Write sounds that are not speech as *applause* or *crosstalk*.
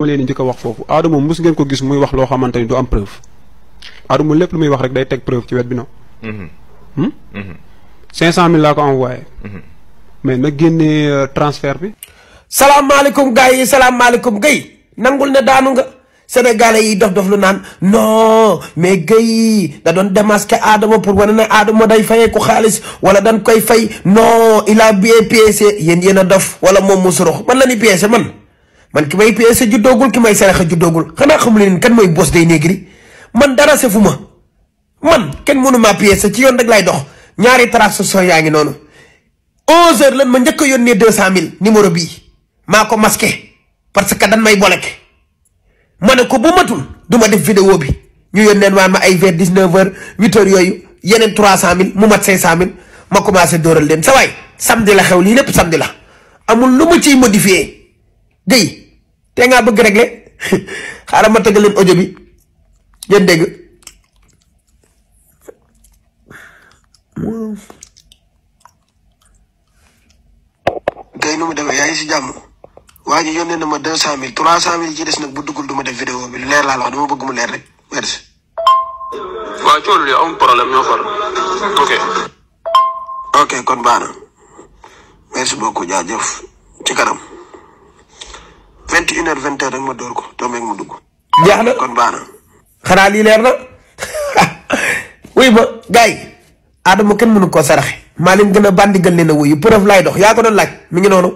ma leen di wax foofu Adama mos ngeen ko gis muy wax loo xamante ni du am lépp lu muy wax rek day teg preuve ci wet bi na mm-hmm. hmm? mm-hmm. cinq cent mille laa mm-hmm. mais na génnee euh, transfert bi salaamaaleykum gars yi salaamaaleykum Guèye nangul ne daanu nga sénégalais yi dof dof lu naan non mais Guèye da doon démasqué Adama pour wane ne Adama day fayee ko xaalis wala dañ koy fay non il a bien piégé yéen a dof wala moom mu surux man la man man ki may PSA juddoogul ki may saraxa juddoogul xanaa xamu leen kan mooy Boss Day Negri man dara sefu ma man kenn mënu maa PSA ci yoon rek laay dox ñaari transaction yaa ngi noonu 11h lan ma njëkk a yónnee 200000 numéro bii maa ko masqué parce que dan may boleke ma ne ko bu matul duma def vidéo bi ñu yónneen waan ma ay vers 19h 8h yooyu yeneen mil mu mat 500000 ma commencé dóoral leen sa waay samedi la xew lii lépp samedi la amul lu ma ciy modifié gay te ngaa bëgg réglé *laughs* xaaral ma tëgg leen audio bi ngeen dégg. nu mu demee yaa si jàmm waa ji yónnee na ma deux cent mille trois cent mille ci des nag bu duggul du ma def vidéo bi leer laa la wax dama bëgg mu leer rek merci. waaw coono li am problème ñoo far ok. ok kon baax na merci beaucoup jaajëf ci kanam. ci une heure vingt heure door ko tombéeg mu dugg. jeex na kon baax na. xanaa lii leer na *laughs* wuy ma gars yi Adama kenn mu mënu koo saraxe maa leen gën a bandi ne leen a wuyu preuve laay dox yaa ko doon laaj mi ngi noonu.